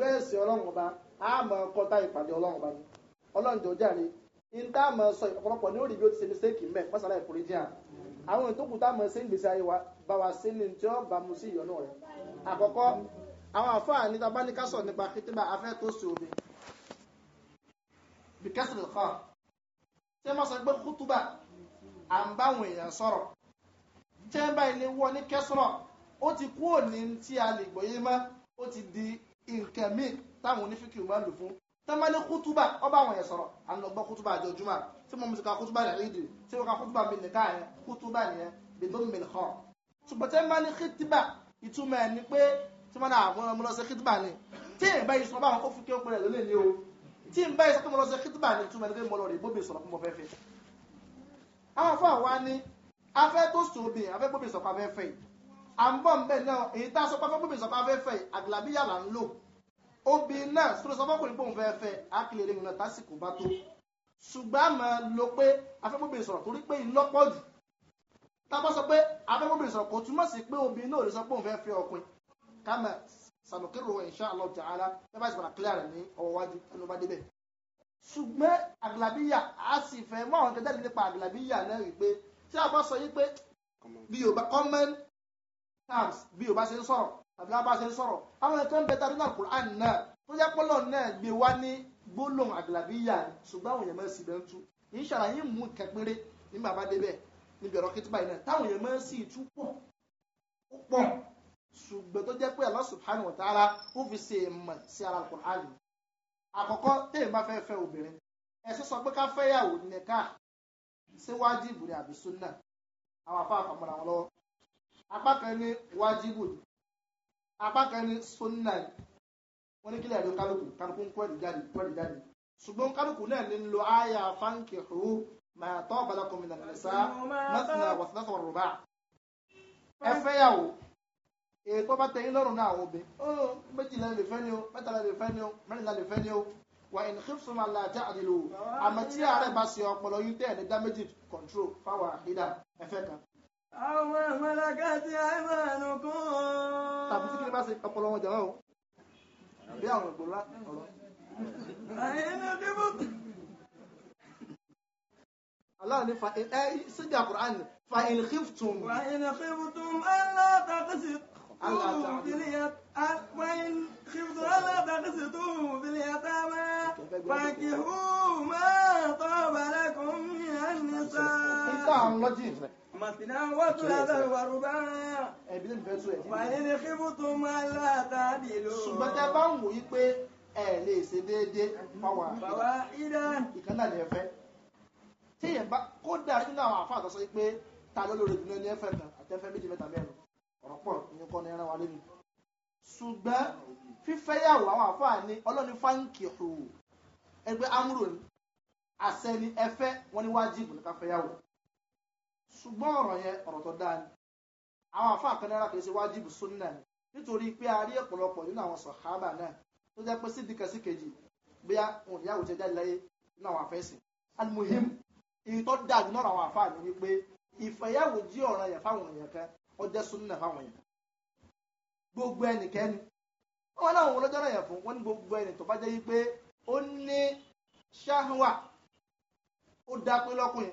ṣùgbọ́n ẹ̀sìn ọlọ́run ọba á mọ kọ́tà ìpàdé ọlọ́run ọba ni ọlọ́run jọ jáde ní tá a mọ sọ ìpọ̀pọ̀lọpọ̀ ní òrìbí ó ti ṣe mistake mẹ́ pásálà ìforíjì hàn àwọn ètò kù tá a mọ sí ìgbésí ayé wa bá wa sí ní tí ó bá mu sí ìyọnú rẹ àkọ́kọ́ àwọn àfáà ní tábà ní kásọ̀ nípa kìtìmá afẹ́ tó sí omi bí kásìlì kọ́ tí wọ́n sọ pé kútúbà à ń báwọn èèyàn sọ̀rọ̀ tí báyìí ní wọ́n ní kẹsọ̀rọ̀ ó ti kúrò ní tí a lè gbọ́yé mọ́ ó ti di nǹkan míì táwọn onífíkì máa ń lò fún tọ́mọ ní kútúbà ọba àwọn yẹn sọ̀rọ̀ à ń lọ gbọ́ kútúbà àjọ jùmọ̀ tí mo ti ka kútúbà rẹ̀ ìdìrí tí mo ka kútúbà mi nìkan yẹn kútúbà nìyẹn bìdún mi nìkan. ṣùgbọ́n tí wọ́n ní kútúbà ìtumọ̀ ẹ̀ ni pé tí wọ́n náà àwọn ọmọ lọ sí kútúbà ni tí èyí báyìí sọ báwọn kó fún kí ó pẹ̀lẹ́ lónìí ni o tí n báyìí sọ pé mo lọ sí kútúbà ni ìtumọ̀ à ń bọ̀ nbẹ̀ náà èyí tá a sọ pápá bóbi ìsọpá fẹ́ fẹ́ àgìlábíyà là ń lò obì náà sọ̀rọ̀ sọ fọ́kùnrin pòun fẹ́ fẹ́ àkìlèrè mìíràn tásìkò bá tó ṣùgbọ́n àmọ́ lo pé afẹ́bóbìnrin sọ̀rọ̀ torí pé ìlọ́pọ̀ jù tábà sọ pé afẹ́bóbìnrin sọ̀rọ̀ kò túmọ̀ sí pé obìnrin náà lè sọ pé òun fẹ́ fẹ́ ọkùnrin kàmẹ́ sàmùkírò insha Allah ta'ala bẹ́ẹ̀ bá ti padà clear a sì fẹ́ mọ́ àwọn kẹtẹ́lì nípa àgìlàbíyà náà rí pé tí a bá sọ yí pé bí terms bí o bá ṣe ń sọ̀rọ̀ tàbí bá ṣe ń sọ̀rọ̀ àwọn nǹkan bẹ tàbí náà Qur'an náà tó jẹ́ pọ́lọ̀ náà gbé wá ní gbólóhùn àgàlàbíyà ṣùgbọ́n àwọn èèyàn máa ń sì bẹ́ẹ̀ tú inshallah yín mú nǹkan péré nígbà bá débẹ̀ níbi ọ̀rọ̀ kí tó báyìí náà táwọn èèyàn máa sì tú pọ̀ pọ̀ ṣùgbọ́n tó jẹ́ pé Allah subhanahu wa ta'ala ó fi ṣe ìmọ̀ sí ara Qur'an àkọ́kọ́ téèyàn bá fẹ́ fẹ́ obìnrin ẹ̀sìn sọ pé ká fẹ́yàwó nìkan síwájú ìbùrẹ̀ àbí súnà àwọn apá kan ní wájibù apá kan ní sunna wọ́n ní kílẹ̀ ẹ̀dọ́ kálukú kálukú ń kọ́ ẹ̀dì jáde kọ́ ẹ̀dì jáde ṣùgbọ́n kálukú náà ní lo àyà fankihu ma taba lakum minan nisa mathna wa thalatha wa ruba' ẹ fẹ́ yàwó èkó bá tẹ̀yìn lọ́rùn náà àwọn obìnrin ó méjìlá lè fẹ́ ni o mẹ́tàlá lè fẹ́ ni o mẹ́rìnlá lè fẹ́ ni o wà in khiftum alla ta'dilu àmọ́ tí ààrẹ bá ṣe ọpọlọ yín tẹ̀ ní dá méjì control fáwọn àhídà ẹ̀fẹ́ kan àwọn mẹ́lẹ́kẹ́ tí a máa nù kún. tàbí tí kìí bá ṣe ọpọlọ wọn jẹ̀wọ́ o bí àwọn ìgbòrò ọ̀rọ̀. àyínú kíbù. Allah ni fa ẹ eh, eh, síjà Quran fa in khiftum. wa in khiftum Allah taqsi. Allah taqsi. Ah, wa in khiftum Allah taqsi tún fil yatama. fankihu ma taba lakum minan nisa. nígbà àwọn lọ́jì ìfẹ́. مثنى وثلاثا ورباعا ẹbí lè fẹ́ tún ẹ̀ dín. wàyí ni kí bùtù máa la tàdílù. ṣùgbọ́n tẹ bá ń wò yí pé ẹ lè ṣe déédéé fáwọn àfihàn. bàbá ìdá. ìkan náà ni ẹ fẹ́. tí èèyàn bá kó dàrí nínú àwọn àfáà tó pé ta ló lóore jùlọ ní ẹ kan àti ẹ méjì mẹ́ta mẹ́rin ọ̀rọ̀ pọ̀ ní kọ́ ni ẹran wa lónìí. ṣùgbọ́n fífẹ́yàwó àwọn àfáà ni ọlọ́ni fáńkì hù ẹgbẹ́ amúrò ni àṣẹ ni ẹ wọ́n ní wájìbù ní ká fẹ́yàwó. ṣùgbọ́n ọ̀rọ̀ yẹn ọ̀rọ̀ tó dáa ni àwọn àfáà kan náírà kìí ṣe wájìbù súnnà ni nítorí pé a rí ọ̀pọ̀lọpọ̀ nínú àwọn sàhábà náà tó jẹ́ pé sídìí kan sí kejì bóyá òun ìyá òjẹ́ jáde láyé nínú àwọn àfẹ́sìn alimuhim èyí tó dáa jù náà àwọn ni wípé ìfẹ́yàwó jí ọ̀ràn yẹn fáwọn èèyàn kan ó jẹ́ súnnà fáwọn èèyàn gbogbo ẹnikẹ́ni wọn náà wọn lọ́jọ́ náà yẹn fún wọn ní gbogbo ẹni tó bá jẹ́ wípé ó ní ó lọ́kùnrin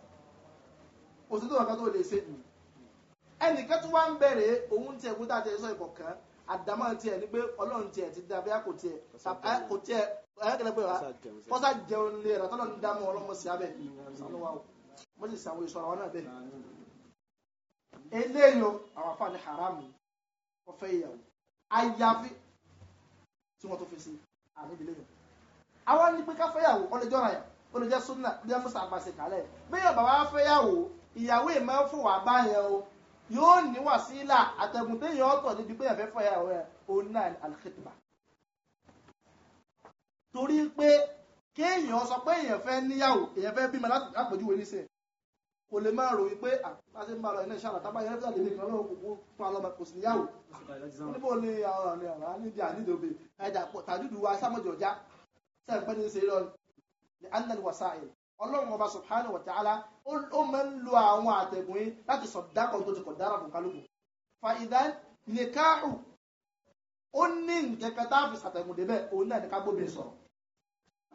kò sí tó nǹkan tó lè ṣe ẹnìkan tó wá ń bẹ̀rẹ̀ òun tiẹ̀ kó dáa tiẹ̀ sọ ìkọ̀kan àdámọ́ tiẹ̀ ní pé ọlọ́run tiẹ̀ ti dá bẹ́ẹ̀ kò tiẹ̀ kò tiẹ̀ ayọ́kẹ́lẹ́ pé fọ́sà jẹun lè rà tọ́lọ́ ní dámọ́ ọlọ́mọ sí abẹ́ mo sì sàwọn ìṣọ̀rọ̀ wọn náà bẹ́ẹ̀ eléyìí àwọn afáàní haramu wọ́n ìyàwó àyàfi tí wọ́n tó fi sí àníbílẹ̀ yìí àwọn ní pé ká fẹ́yàwó ọlẹ́jọ́ rà ó lè jẹ́ sunna ó lè jẹ́ musa àgbàṣe kálẹ̀ bẹ́ẹ̀ bàbá fẹ́yàwó ìyàwó ìmọ̀ fún wà báyẹn o yóò ní wàsílà àtẹ̀gùn téèyàn ọ̀tọ̀ níbi pé ẹ̀fẹ́ fọyà rẹ̀ òun náà alkhidma torí pé kéèyàn sọ pé èèyàn fẹ́ níyàwó èèyàn fẹ́ bímọ lápòjúwe níṣẹ́ kò lè máa ròyìn pé àti ah, máa lọ iná iṣẹ́ àlàtà báyìí lẹ́fẹ́ àlejò ìfẹ́ lọ́wọ́ kò fún alọ́mọ kò sí níyàwó níbo ni àwọn ọ̀rẹ́ àwọn nídìí ànídòbe ẹ̀dà pọ̀ tàdúdú wa sámọ̀jọ̀já sẹ́ǹpẹ́ ní ṣe lọ́ni ní annan wasail ọlọ́run ọba subhanahu wa ta'ala ó máa ń lo àwọn àtẹ̀gùn yín láti sọ dákọ̀ tó ti kọ̀ dára fún kálukú fa ìdán nìkáàrù ó ní nkẹ́kẹ́ tá a fi sàtẹ̀gùn débẹ̀ òun náà ní ká gbóbi sọ̀rọ̀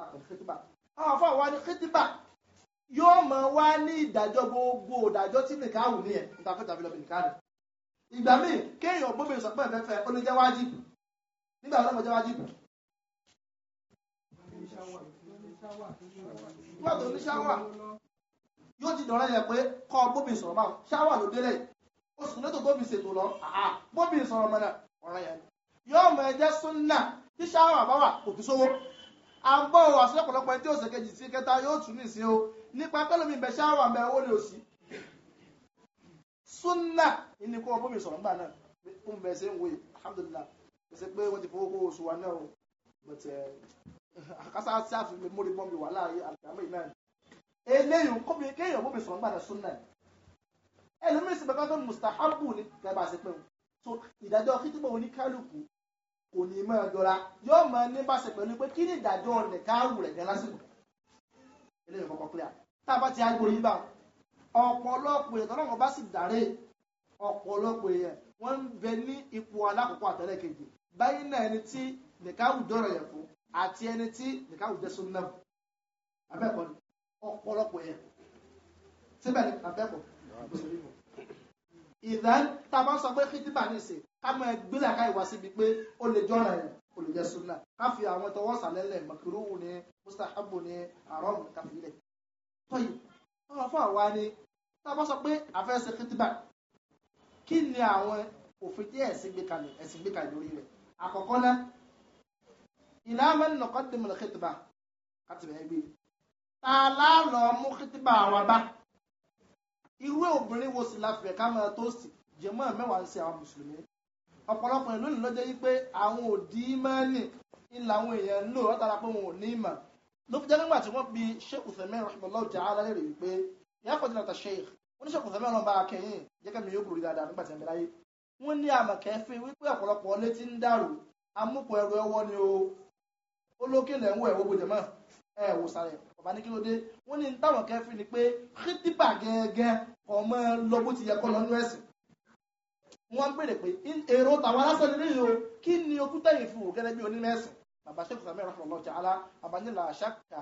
àwọn afọ àwọn kìtìbà yóò mọ̀ wá ní ìdájọ́ gbogbo ìdájọ́ tí nìkáàrù ní ẹ̀ ìtàkùtà fi lọ bí nìkáàrù ìgbà míì kéèyàn gbóbi sọ pé ó lè jẹ́ wájìbù nígbà tó ní ṣáwà yóò ti dọ̀rọ̀ yẹn pé kọ́ bóbi sọ̀rọ̀ máa ṣáwà ló délẹ̀ oṣù lẹ́tọ̀ bóbi ṣètò lọ bóbi sọ̀rọ̀ mọ́nà ọ̀rọ̀ yẹn yóò mọ ẹjẹ́ súnà tí ṣáwà bá wà kò tún sówó à ń bọ̀ wà sí ọ̀pọ̀lọpọ̀ ẹni tí ó ṣèkejì sí kẹta yóò tún nìsín o nípa pẹ́lú mi bẹ ṣáwà bẹ owó ni òsì súnà ní kó bóbi sọ̀rọ̀ nígbà náà ó ń bẹ̀ ṣe ń wòye alhamdulillah kò sí pé wọ́n ti fowó kó oṣù wa náà o but eh, akásá sáfì lè mórí mọ́ mi wà láàyè àgbàmọ́ yìí náà eléyìí kó mi kéèyàn bó mi sọ̀rọ̀ nígbà tó náà ẹlòmíín sì bẹ́ẹ̀ kọ́tọ́ mustahabu ni gẹ́gẹ́ bá a o pé o so ìdájọ́ kíkọ́ oníkálukú kò ní mọ́ ẹ dọ́ra yóò mọ ní bá ṣe pẹ̀lú pé kí ni ìdájọ́ nìkaáwù rẹ̀ gan lásìkò eléyìí kọ́kọ́ clear tá a bá ti agbórí yìí bá ọ̀pọ̀lọpọ̀ èèyàn tọ́lọ́mọ bá sì dàrẹ́ ọ̀pọ̀lọpọ̀ èèyàn wọ́n ń bẹ ní ipò alákọ̀ọ́kọ́ àtẹ̀lẹ́kejì báyìí náà ẹni tí nìkaáwù dọ́rọ̀ yẹ̀ fún àti ẹni tí nìkan àwùjọ sọ náà abẹ́kọ̀ ni ọ̀pọ̀lọpọ̀ yẹn síbẹ̀ ni abẹ́kọ̀ ìdá tàbá sọ pé kìtìbà ní ìsìn ká mọ ẹgbẹ́lẹ̀ ká ìwà síbi pé ó lè jọ́ra ẹ̀ kò lè jẹ́ súnà ká fi àwọn tọwọ́ sàlẹ́lẹ̀ mọ̀kìrúwù ni mustahabu ni àrọ́mù káfílẹ̀ tọ́yì wọ́n fún àwa ni tàbá sọ pé àfẹ́sẹ̀ kìtìbà kí ni àwọn òfin tí ẹ̀sìn gbé kalẹ̀ ẹ̀sìn gbé kalẹ̀ lórí rẹ̀ àkọ́kọ́ náà ìlà mẹ́rin lọ́kọ́ dì mí lọ́kẹ́tìbà láti bẹ̀rẹ̀ gbé ta láàlọ́ mú kẹ́tìbà wa bá irú obìnrin wo sì láfẹ̀ ká máa tó sì jẹ́mọ́ mẹ́wàá ń ṣe àwọn mùsùlùmí ọ̀pọ̀lọpọ̀ ìlú ni lọ́jọ́ yìí pé àwọn òdì mẹ́rin ń làwọn èèyàn ń lò látara pé wọn ò ní ìmọ̀ ló fi jẹ́ nígbà tí wọ́n bi sheikh usman rahimahullah ta'ala lérè wípé ìyá kọjá ta sheikh wọ́n ní sheikh usman ọba akẹ́yìn jẹ́kẹ́ mi yóò kúrò dáadáa nígbà tí wọ́n bẹ láyé wọ́n ní àmọ̀kẹ́fín wípé ọ̀pọ̀lọpọ̀ ọlé ń dàrú amúpọ̀ ẹrù ẹwọ́ ni o ó lókè lẹ̀ ń wọ̀ ẹ̀wọ́ gbòjẹ̀ mọ́ ẹ wò sàrẹ̀ bàbá ní kí ló dé wọ́n ní táwọn kẹfì ni pé kìtìbà gẹ́gẹ́ kọ́ mọ́ lọ bó ti yẹ kọ́ lọ́nú ẹ̀sìn wọ́n gbèrè pé èrò tàwọn aláṣẹ nílé yìí o kí ni okú tẹ̀yìn fún òkẹ́lẹ́ bí onímẹ̀sìn bàbá ṣe kùsàmì ìrọ̀fọ̀ lọ́jà alá bàbá nílà àṣàkà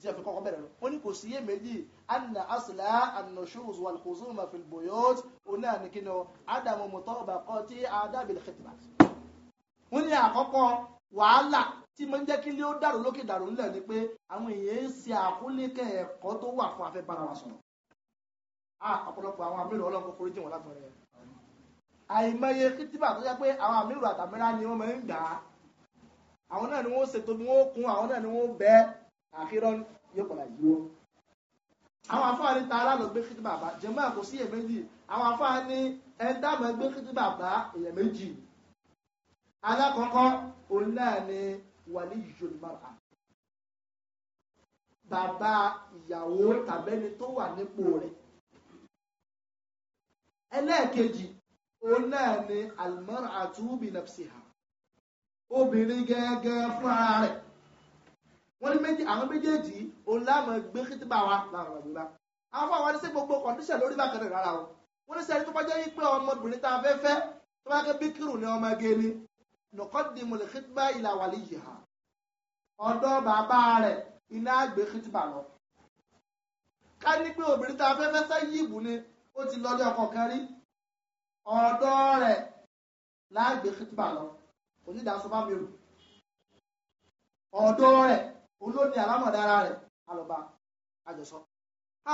tí a fi kọ́kọ́ bẹ̀rẹ̀ ó ní kò sí iye méjì anna asla anna shoes wal khuzuma fil buyut oní àníkínú adamu mutabaqati adabil khitba wọ́n ní àkọ́kọ́ wàhálà tí mo ń jẹ́ kí ilé ó dàrú lókè dàrú ńlẹ̀ ni pé àwọn èèyàn ń ṣe àkólékẹ́ ẹ̀kọ́ tó wà fún afẹ́ bára wa sọ̀rọ̀ ọ̀pọ̀lọpọ̀ àwọn àmì ìrọ̀lọ́ kò forí jìn wọ́n lágbọ̀n rẹ̀ àìmọye kìtìbà tó yẹ pé àwọn àmì ìrọ̀ àtàmẹ́rà ni wọ́n máa ń gbà á àwọn náà ni wọ́n ṣètò bí wọ́n kún àwọn náà ni wọ́n bẹ́ àkírọ́ yóò padà yíwọ́ àwọn afáàní ta aláàlọ́ gbé kìtìbà bá jẹ́mọ́ àkó sí èyàn méjì àwọn afáàní ẹ̀ńdàmọ́ gbé kìtìbà bá èyàn méjì ni alákọ̀ọ́kọ́ òun náà ni waliyul mar'a bàbá ìyàwó tàbẹ́ni tó wà nípò rẹ̀ ẹlẹ́ẹ̀kejì òun náà ni almar'atu bi nafsiha obìnrin gẹ́gẹ́ fún ara rẹ̀ wọ́n ní méjì àwọn méjèèjì òun láàmú gbé kìtìbà wa láàmú àgbébá àwọn fún àwọn ẹni sí gbogbo kọ̀ǹdíṣẹ̀ lórí bákan náà rárá o wọ́n ní sẹ́ni tó bá jẹ́ wípé ọmọbìnrin tá a fẹ́ fẹ́ tó bá gẹ́ bíkírù ni ọmọge ni nùkọ́dìmù lè kìtìbà ìlà wàlí yìí hà ọ̀dọ̀ bàbá rẹ̀ iná àgbè kìtìbà lọ. ká ní pé obìnrin tá a fẹ́ fẹ́ fẹ́ yí ìbù ni ó ti lọ ní ọkọ kan rí ọ̀dọ̀ rẹ̀ láàgbè kìtìbà lọ onídàásọ bá mi rò ọ̀dọ̀ rẹ̀ olóni àlámọ̀dára rẹ̀ alọ́ba àjọsọ.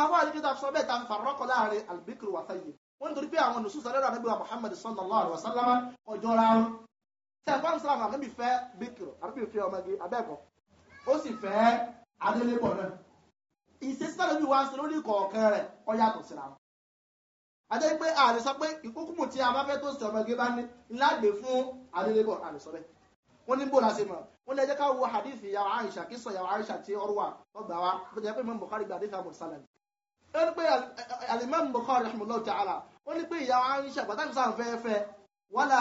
àwọn àdìgbò tá a sọ bẹ́ẹ̀ tá farọ́kọ̀ láàrin albikiri wàtá yìí wọ́n nítorí pé àwọn nùsùsọ̀ lẹ́rọ sẹ́fọ́n sàmà níbi fẹ́ bíkìrò àbí fẹ́ ọmọge abẹ́ẹ̀kọ́ ó sì fẹ́ adélébọ̀ náà ìṣesí náà níbi wá sí lórí kọ̀ọ̀kan rẹ̀ ọ yàtọ̀ síra wọn. adé pé àlè sọ pé ìkúkùmù tí abáfẹ́ tó sẹ ọmọge bá ní lágbè fún adélébọ̀ àlè sọ bẹ́ẹ̀ wọ́n ní bóra sí mọ̀ wọ́n lè jẹ́ ká wo hadith ìyàwó Aisha kí sọ ìyàwó Aisha tí ọrọ̀ wà ọgbà wa tó jẹ́ pé Imam Bukhari gba